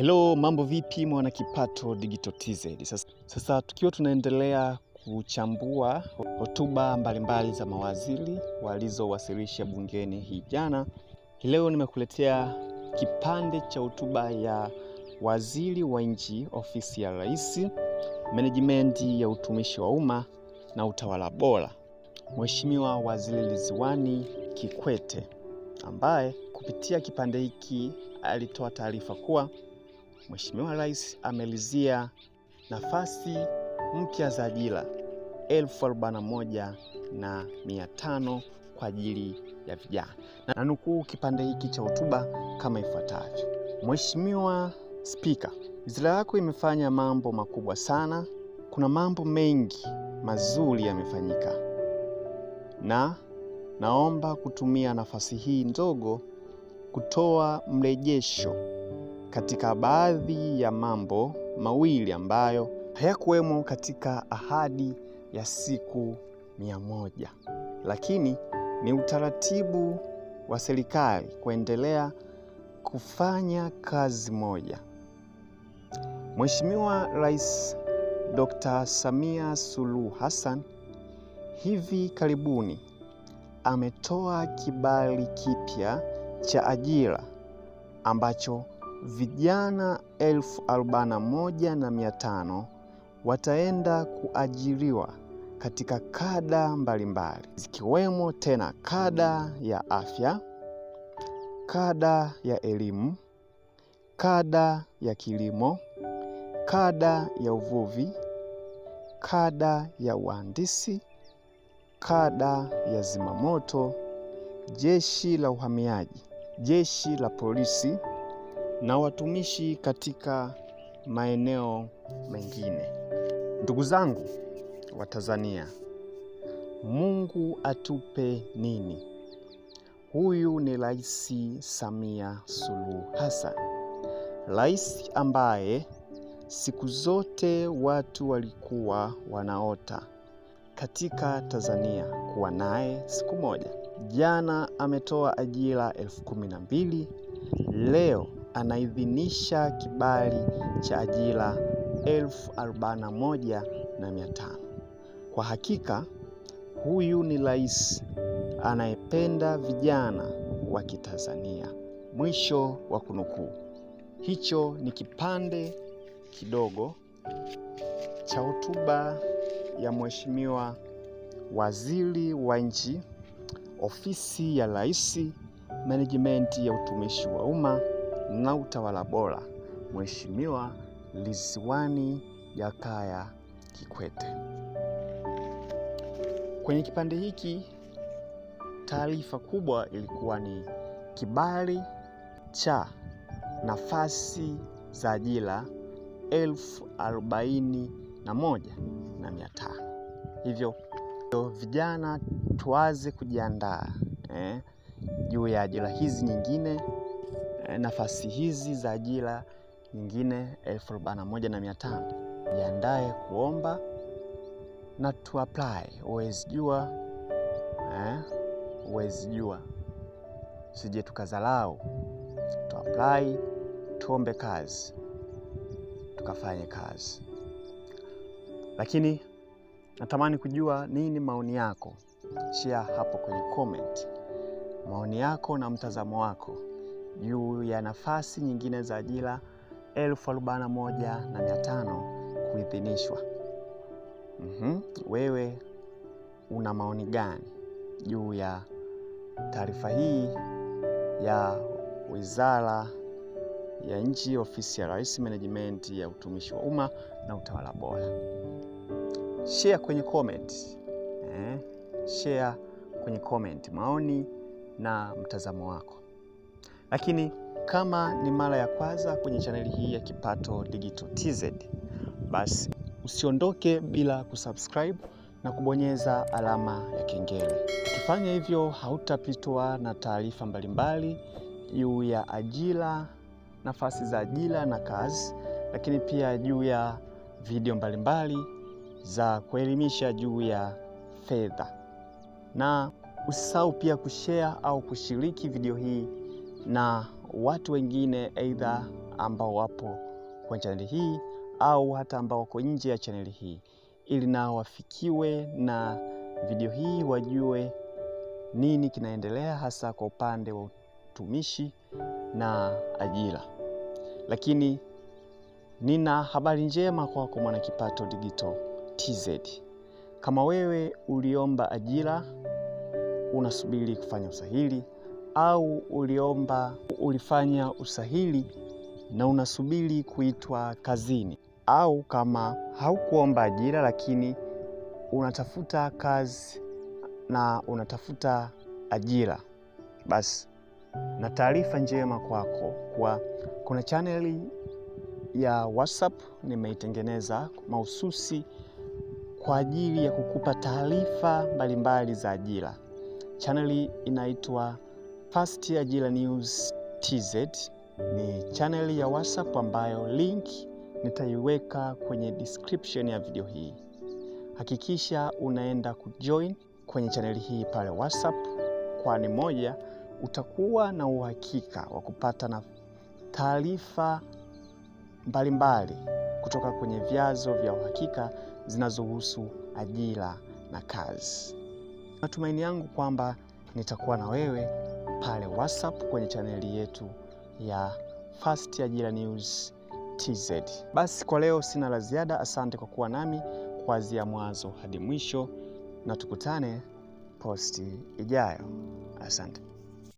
Hello, mambo vipi mwana Kipato Digital TZ. Sasa, sasa tukiwa tunaendelea kuchambua hotuba mbalimbali za mawaziri walizowasilisha bungeni hii jana, leo nimekuletea kipande cha hotuba ya waziri wa nchi ofisi ya Rais, management ya utumishi wa umma na utawala bora, Mheshimiwa Waziri Ridhiwani Kikwete, ambaye kupitia kipande hiki alitoa taarifa kuwa Mheshimiwa Rais amelizia nafasi mpya za ajira elfu arobaini na moja na mia tano kwa ajili ya vijana, na nukuu kipande hiki cha hotuba kama ifuatavyo: Mheshimiwa Spika, wizara yako imefanya mambo makubwa sana. Kuna mambo mengi mazuri yamefanyika, na naomba kutumia nafasi hii ndogo kutoa mrejesho katika baadhi ya mambo mawili ambayo hayakuwemo katika ahadi ya siku mia moja, lakini ni utaratibu wa serikali kuendelea kufanya kazi moja. mweshimiwa Rais Dr. Samia Suluhu Hassan hivi karibuni ametoa kibali kipya cha ajira ambacho vijana elfu moja na mia tano wataenda kuajiriwa katika kada mbalimbali mbali, zikiwemo tena kada ya afya, kada ya elimu, kada ya kilimo, kada ya uvuvi, kada ya uhandisi, kada ya zimamoto, jeshi la uhamiaji, jeshi la polisi na watumishi katika maeneo mengine. Ndugu zangu wa Tanzania, Mungu atupe nini? Huyu ni Rais Samia Suluhu Hassan, rais ambaye siku zote watu walikuwa wanaota katika Tanzania kuwa naye siku moja. Jana ametoa ajira elfu kumi na mbili leo anaidhinisha kibali cha ajira 41500 Kwa hakika huyu ni rais anayependa vijana wa Kitanzania. Mwisho wa kunukuu. Hicho ni kipande kidogo cha hotuba ya Mheshimiwa Waziri wa Nchi, Ofisi ya Rais, Management ya Utumishi wa Umma na utawala bora Mheshimiwa Lisiwani Jakaya Kikwete. Kwenye kipande hiki taarifa kubwa ilikuwa ni kibali cha nafasi za ajira elfu arobaini na moja na Hivyo vijana tuwaze kujiandaa eh, juu ya ajira hizi nyingine Eh, nafasi hizi za ajira nyingine elfu arobaini Jiandae kuomba na tu apply, huwezi jua eh, huwezi jua, sije tukazalau Tu apply, tuombe kazi, tukafanye kazi. Lakini natamani kujua nini maoni yako, share hapo kwenye comment maoni yako na mtazamo wako juu ya nafasi nyingine za ajira 41,500 kuidhinishwa. Mm-hmm. Wewe una maoni gani juu ya taarifa hii ya Wizara ya Nchi, Ofisi ya Rais, Management ya Utumishi wa Umma na Utawala Bora? Share kwenye comment. Eh, share kwenye comment maoni na mtazamo wako. Lakini kama ni mara ya kwanza kwenye chaneli hii ya Kipato Digital TZ, basi usiondoke bila kusubscribe na kubonyeza alama ya kengele. Ukifanya hivyo, hautapitwa na taarifa mbalimbali juu ya ajira, nafasi za ajira na kazi, lakini pia juu ya video mbalimbali za kuelimisha juu ya fedha, na usisahau pia kushare au kushiriki video hii na watu wengine aidha ambao wapo kwa chaneli hii au hata ambao wako nje ya chaneli hii, ili nao wafikiwe na video hii, wajue nini kinaendelea hasa kwa upande wa utumishi na ajira. Lakini nina habari njema kwako Mwanakipato Digital TZ. Kama wewe uliomba ajira, unasubiri kufanya usahili au uliomba ulifanya usahili na unasubiri kuitwa kazini, au kama haukuomba ajira lakini unatafuta kazi na unatafuta ajira, basi na taarifa njema kwako kuwa kuna chaneli ya WhatsApp nimeitengeneza mahususi kwa ajili ya kukupa taarifa mbalimbali za ajira. Chaneli inaitwa Past Ajira News TZ ni chaneli ya WhatsApp ambayo link nitaiweka kwenye description ya video hii. Hakikisha unaenda kujoin kwenye chaneli hii pale WhatsApp, kwani moja, utakuwa na uhakika wa kupata na taarifa mbalimbali kutoka kwenye vyanzo vya uhakika zinazohusu ajira na kazi. Matumaini yangu kwamba nitakuwa na wewe pale WhatsApp kwenye chaneli yetu ya Fast Ajira News TZ. Basi kwa leo sina la ziada. Asante kwa kuwa nami kuanzia mwanzo hadi mwisho, na tukutane posti ijayo. Asante.